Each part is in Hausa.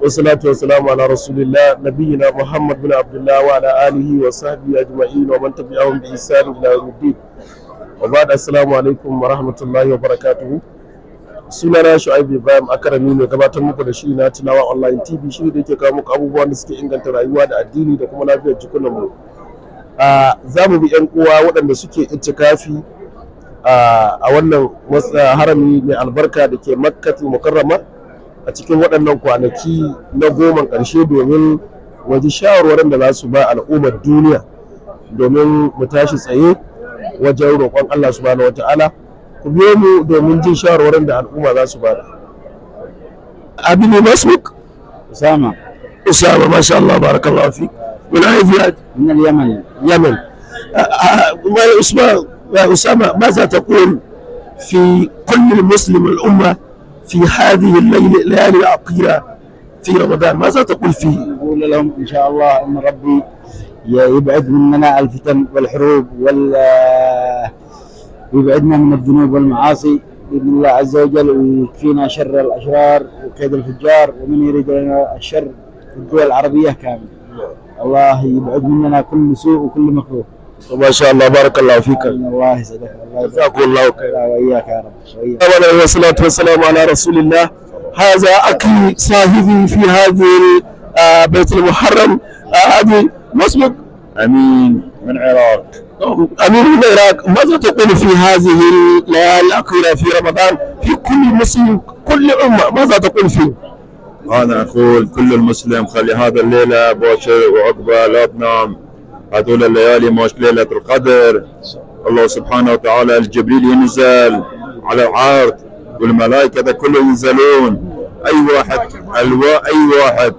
wasalatu wasalamu ala rasulillah nabiyina muhammad bin abdullah wa ala alihi wa na ajma'in wa man tabi'ahum bi ihsan ila yawmiddin wa ba'd assalamu alaikum wa rahmatullahi wa barakatuh sunana shu'aib ibrahim akarami ne gabatar muku da shiri na tunawa online tv shiri da yake kawo muku abubuwan da suke inganta rayuwa da addini da kuma lafiyar jikunan mu za mu bi yan uwa waɗanda suke ittikafi a wannan harami mai albarka da ke makkatul mukarrama a cikin waɗannan kwanaki na goman ƙarshe domin waje shawarwarin da za su ba al'ummar duniya domin mu tashi tsaye wajen roƙon Allah subhanahu wata'ala ku biyo mu domin jin shawarwarin da al'umma za su bada. Abinu Masmuk? Usama. Usama, masha Allah, barakallahu fi. Min Aifiyat? Min Yaman. Yaman. Usama, ماذا تقول في كل مسلم الأمة في هذه الليلة الليالي العقيرة في رمضان ماذا تقول فيه؟ أقول لهم إن شاء الله أن ربي يبعد مننا الفتن والحروب وال ويبعدنا من الذنوب والمعاصي بإذن الله عز وجل ويكفينا شر الأشرار وكيد الفجار ومن يريد لنا الشر في الدول العربية كاملة الله يبعد مننا كل سوء وكل مكروه ما شاء الله بارك الله فيك الله يسعدك الله جزاكم الله خيرا وإياك يا رب طبعا والصلاة والسلام على رسول الله هذا أكل صاحبي في هذه البيت آه، المحرم آه، هذه ما اسمك؟ أمين من العراق أمين من العراق ماذا تقول في هذه الليالي الأخيرة في رمضان في كل مسلم كل أمة ماذا تقول فيه؟ أنا أقول كل المسلم خلي هذا الليلة بوشر وعقبة لا تنام هذول الليالي ماش ليلة القدر الله سبحانه وتعالى الجبريل ينزل على العرض والملائكة كلهم ينزلون أي واحد الوا أي واحد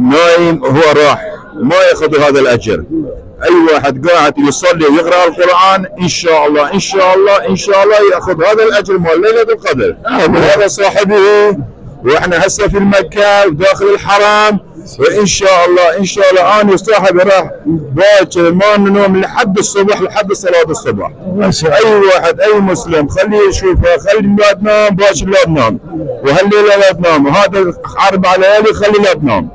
نايم هو راح ما ياخذ هذا الأجر أي واحد قاعد يصلي ويقرأ القرآن إن شاء الله إن شاء الله إن شاء الله ياخذ هذا الأجر مال ليلة القدر هذا صاحبه واحنا هسه في المكة وداخل الحرام وان شاء الله ان شاء الله انا وصاحبي راح باكر ما ننوم لحد الصبح لحد صلاه الصبح اي واحد اي مسلم خليه يشوفها خلي لا تنام باكر لا تنام وهالليله لا تنام وهذا حرب على الي خلي لا تنام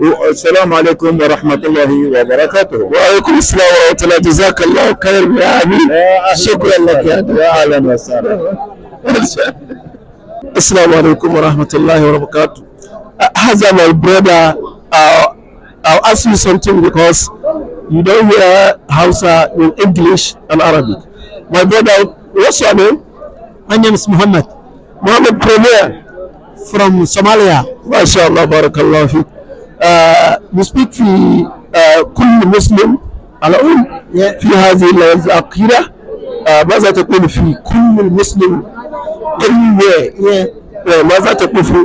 والسلام عليكم ورحمة الله وبركاته وعليكم السلام ورحمة الله جزاك الله خير يا عمي شكرا لك يا أهلا وسهلا السلام عليكم ورحمة الله وبركاته Haza, my brother, uh, I'll ask you something because you don't hear Hausa in English and Arabic. My brother, what's your name? My name is Muhammad. Muhammad Premier from Somalia. MashaAllah, barakallah fi. Uh, you speak في uh, كل مسلم على أم في هذه الأخيرة uh, ماذا تقول في كل مسلم everywhere yeah. Uh, ماذا تقول في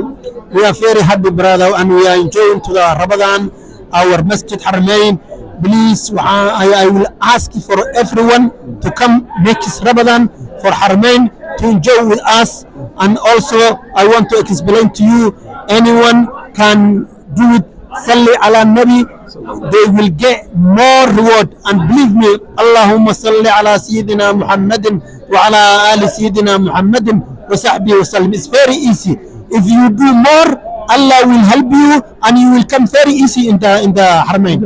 We are very happy, brother, and we are enjoying to the Ramadan, our masjid Haramain. Please, I, I will ask for everyone to come next Ramadan for Haramain to enjoy with us. And also, I want to explain to you, anyone can do it. Salli ala Nabi, they will get more reward. And believe me, Allahumma salli ala Sayyidina Muhammadin wa ala ali Sayyidina Muhammadin wa sahbihi wa sallim. It's very easy. If you do more, Allah will help you and you will come very easy in the in the Haramain.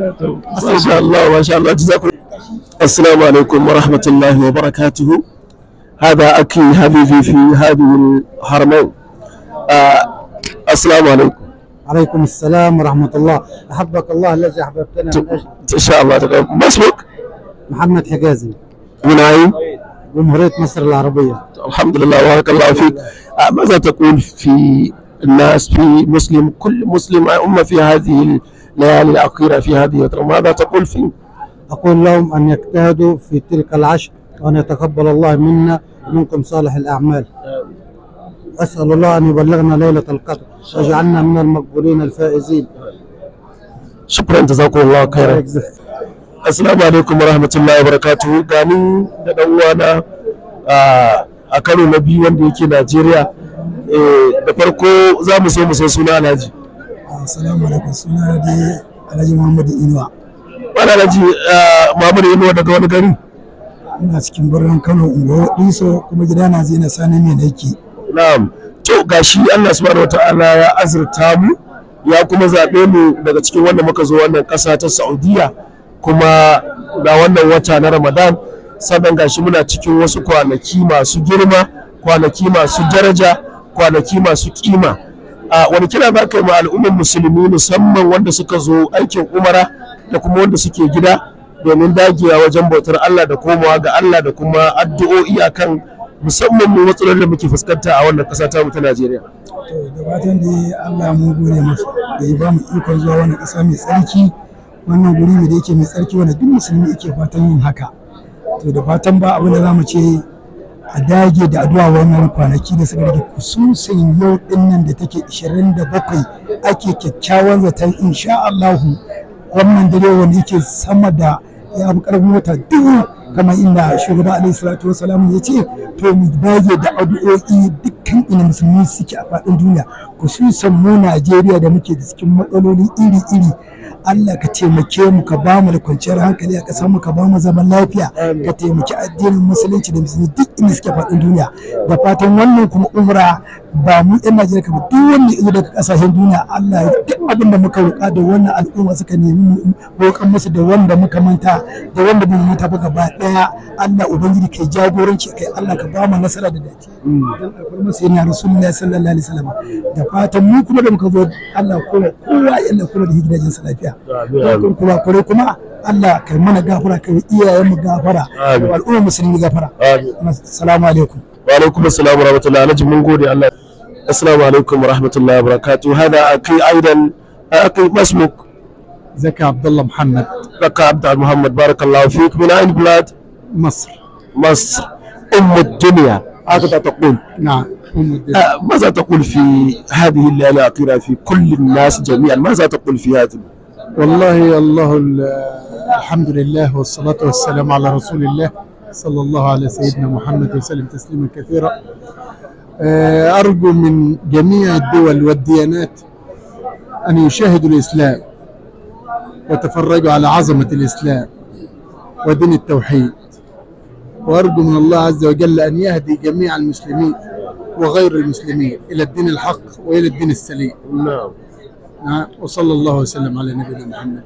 ما شاء الله ما شاء الله جزاكم السلام عليكم ورحمة الله وبركاته. هذا أكي حبيبي في هذه الحرمين. آه السلام عليكم. عليكم السلام ورحمة الله أحبك الله الذي أحببتنا من أجل إن شاء الله ما اسمك؟ محمد حجازي من أين؟ جمهورية مصر العربية الحمد لله بارك الله فيك آه، ماذا تقول في الناس في مسلم كل مسلم أمة في هذه الليالي الأخيرة في هذه ماذا تقول فيه أقول لهم أن يجتهدوا في تلك العشر وأن يتقبل الله منا ومنكم صالح الأعمال أسأل الله أن يبلغنا ليلة القدر واجعلنا من المقبولين الفائزين شكرا جزاكم الله خيرا Assalamu alaikum warahmatullahi wabarakatuh gani da dan uwana a karo na biyu wanda yake Najeriya eh, da farko za mu so mu san suna Alhaji ah, Assalamu alaikum suna dai Alhaji Muhammadu Inuwa Wani Alhaji Muhammadu Inuwa daga wani gari ina cikin birnin Kano unguwar Diso kuma gida na zai na sani mai nake Na'am to gashi Allah subhanahu wataala ya azurta mu ya kuma zaɓe mu daga cikin wanda muka zo wannan ƙasa ta Saudiya kuma da wannan wata na ramadan sannan gashi muna cikin wasu kwanaki masu girma kwanaki masu daraja kwanaki masu kima a wani kira za ka ma al'ummar musulmi musamman wanda suka zo aikin umara da kuma wanda suke gida domin dagewa wajen bautar allah da komawa ga allah da kuma addu'o'i akan musamman mu matsalolin da muke fuskanta a wannan ƙasa ta ta Najeriya. To da da Allah mu gode masa da ya ba mu ikon zuwa wannan ƙasa mai tsarki wannan guri ne da yake mai tsarki wanda duk musulmi yake fatan yin haka to da fatan ba abin da za mu ce a dage da addu'a wannan kwanaki da suka rage kususin yau dinnan da take 27 ake kyakkyawan zaton insha Allah wannan dare wanda yake sama da ya fi karfin wata duhu kamar inda shugaba alaihi salatu wasalam ya ce to mu dage da addu'o'i dukkan ina musulmi suke a faɗin duniya hususan mu Najeriya da muke da cikin matsaloli iri-iri Allah ka taimake mu ka ba mu da kwanciyar hankali a ƙasar mu ka ba mu zaman lafiya ka taimaki addinin musulunci da musulmi duk inda suke faɗin duniya da fatan wannan kuma umra ba mu ɗan Najeriya ba duk wanda ya daga ƙasashen duniya Allah ya duk abin da muka roƙa da wannan al'umma suka nemi mu, roƙan musu da wanda muka manta da wanda ba mu manta ba gaba ɗaya Allah ubangiji kai jagoranci kai Allah ka ba mu nasara da dace dan alfarma sayyidina rasulullahi sallallahu alaihi wasallam da fatan mu kuma da muka zo Allah kuma kowa yana kuma da gidajen sa lafiya kun kuma kure kuma Allah kai mana gafara kai iyayen mu gafara al'umma musulmi gafara assalamu alaikum wa alaikum assalam wa rahmatullahi alhaji mun gode Allah assalamu alaikum wa rahmatullahi wa barakatuh hada akai aidan akai masmuk زكا عبد الله محمد زكا عبد محمد بارك الله فيك من اين بلاد مصر مصر ام الدنيا هكذا تقول نعم آه، ماذا تقول في هذه الليله الاخيره في كل الناس جميعا ماذا تقول في هذا والله الله الحمد لله والصلاه والسلام على رسول الله صلى الله على سيدنا محمد وسلم تسليما كثيرا آه، ارجو من جميع الدول والديانات ان يشاهدوا الاسلام وتفرجوا على عظمه الاسلام ودين التوحيد وأرجو من الله عز وجل أن يهدي جميع المسلمين وغير المسلمين إلى الدين الحق وإلى الدين السليم نعم نعم وصلى الله وسلم على نبينا محمد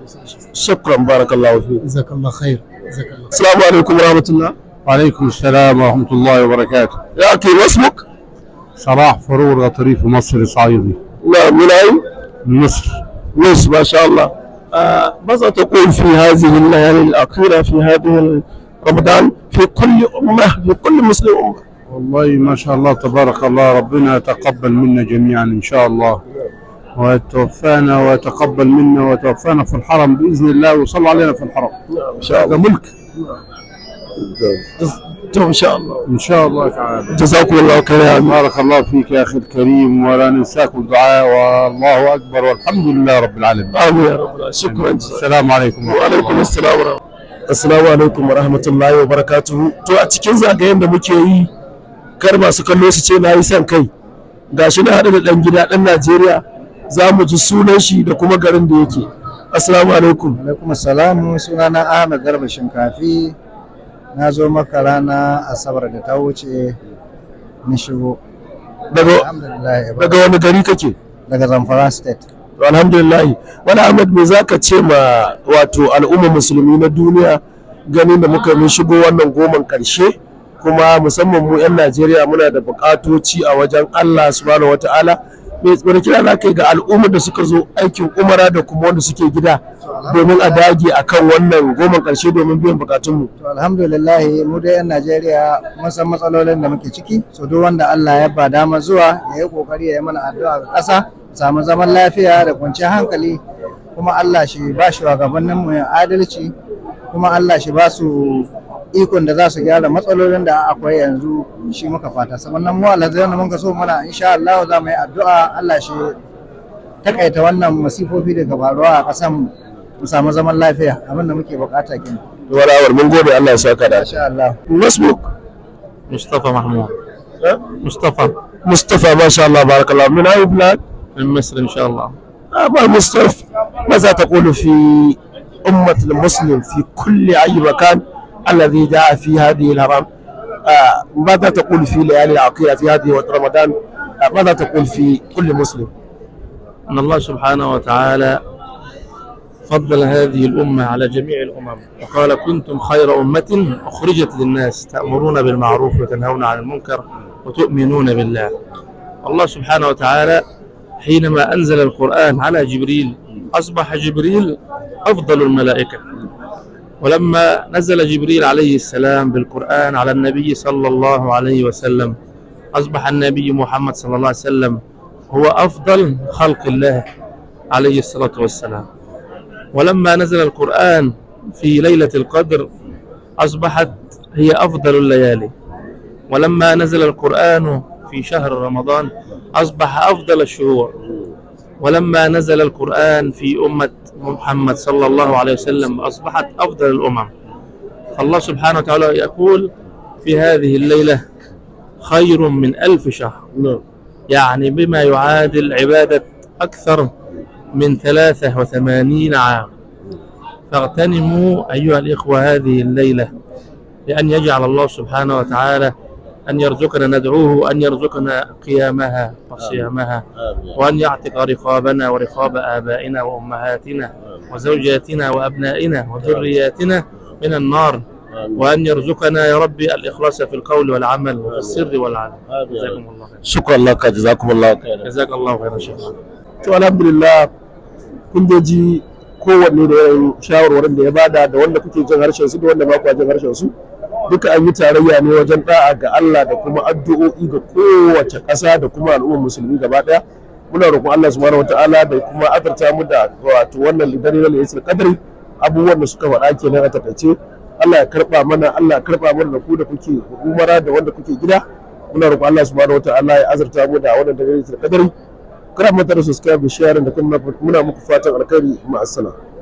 شكرا بارك الله فيك جزاك الله خير جزاك الله السلام عليكم ورحمة الله وعليكم السلام ورحمة الله وبركاته يا أخي ما اسمك؟ صلاح فرور غطريف مصري صعيدي نعم من أين؟ من مصر مصر ما شاء الله آه ماذا تقول في هذه الليالي الأخيرة في هذه رمضان في كل أمة في كل مسلم أمة والله ما شاء الله تبارك الله ربنا يتقبل منا جميعا إن شاء الله وتوفانا ويتقبل منا وتوفانا في الحرم باذن الله ويصلى علينا في الحرم نعم ان شاء الله ملك نعم ان شاء الله ان شاء الله تعالى جزاكم الله خيرا بارك الله فيك يا اخي الكريم ولا ننساكم الدعاء والله اكبر والحمد لله رب العالمين امين يا رب العالمين شكرا السلام عليكم وعليكم السلام ورحمه الله assalamu alaikum wa rahmatullahi wa barakatuhu to a cikin zagayen da muke yi kar masu kallo su ce na yi son kai shi na haɗu da ɗan gida ɗan najeriya za mu ji sunan shi da kuma garin da yake assalamu alaikum alaikum assalamu sunana ahmed garba shinkafi na zo maka rana asabar da ta wuce ni shigo daga wani gari kake daga zamfara state alhamdulillah wani ahmed me zaka ce ma wato al'umma musulmi na duniya ganin da muka mun shigo wannan goman karshe kuma musamman mu 'yan najeriya muna da bukatoci a wajen allah subhanahu wataala mai tsibirin kira na kai ga al'ummar da suka zo aikin umara da kuma wanda suke gida domin a dage a kan wannan goman karshe domin biyan bukatunmu. alhamdulillah mu da 'yan najeriya mun san matsalolin da muke ciki so duk wanda allah ya ba dama zuwa ya yi kokari ya yi mana addu'a ga ƙasa samu zaman lafiya da kwanci hankali kuma Allah shi ba shi mu ya adalci kuma Allah shi ba su ikon da za su gyara matsalolin da akwai yanzu shi muka fata sannan mu Allah zai muka so mana insha Allah za mu yi addu'a Allah shi takaita wannan masifofi daga faruwa a kasan mu samu zaman lafiya abin da muke bukata kenan walawar mun gode Allah ya saka da insha Allah Facebook Mustafa Mahmud eh? Mustafa Mustafa masha Allah barakallahu min المصر ان شاء الله ابا مصطفى ماذا تقول في امه المسلم في كل اي مكان الذي جاء في هذه الهرم آه، ماذا تقول في ليالي العقيده في هذه رمضان آه، ماذا تقول في كل مسلم ان الله سبحانه وتعالى فضل هذه الامه على جميع الامم وقال كنتم خير امه اخرجت للناس تامرون بالمعروف وتنهون عن المنكر وتؤمنون بالله الله سبحانه وتعالى حينما أنزل القرآن على جبريل أصبح جبريل أفضل الملائكة ولما نزل جبريل عليه السلام بالقرآن على النبي صلى الله عليه وسلم أصبح النبي محمد صلى الله عليه وسلم هو أفضل خلق الله عليه الصلاة والسلام ولما نزل القرآن في ليلة القدر أصبحت هي أفضل الليالي ولما نزل القرآن في شهر رمضان أصبح أفضل الشروع ولما نزل القرآن في أمة محمد صلى الله عليه وسلم أصبحت أفضل الأمم الله سبحانه وتعالى يقول في هذه الليلة خير من ألف شهر نعم. يعني بما يعادل عبادة أكثر من 83 عام فاغتنموا أيها الإخوة هذه الليلة لأن يجعل الله سبحانه وتعالى أن يرزقنا ندعوه أن يرزقنا قيامها وصيامها وأن يعتق رقابنا ورقاب آبائنا وأمهاتنا وزوجاتنا وأبنائنا وذرياتنا من النار وأن يرزقنا يا ربي الإخلاص في القول والعمل وفي السر والعلن جزاكم الله خير شكرا لك جزاكم الله خير جزاك الله خيرا شكرا to لله كنت dai ji kowanne da yanayin shawarwarin da ya bada da wanda kuke jin harshen su da wanda ba jin harshen su duka an yi tarayya ne wajen da'a ga Allah da kuma addu'o'i ga kowace ƙasa da kuma al'ummar musulmi gaba ɗaya muna roƙon Allah subhanahu wataala da kuma azarta mu da wato wannan lidari na laylatul qadri abubuwan da suka faɗa kenan a takaice Allah ya karba mana Allah ya karba mana da ku da kuke umara da wanda kuke gida muna roƙon Allah subhanahu wataala ya azarta mu da wannan na laylatul qadri kada mu tare subscribe da share da kuma muna muku fatan alkhairi ma'assalam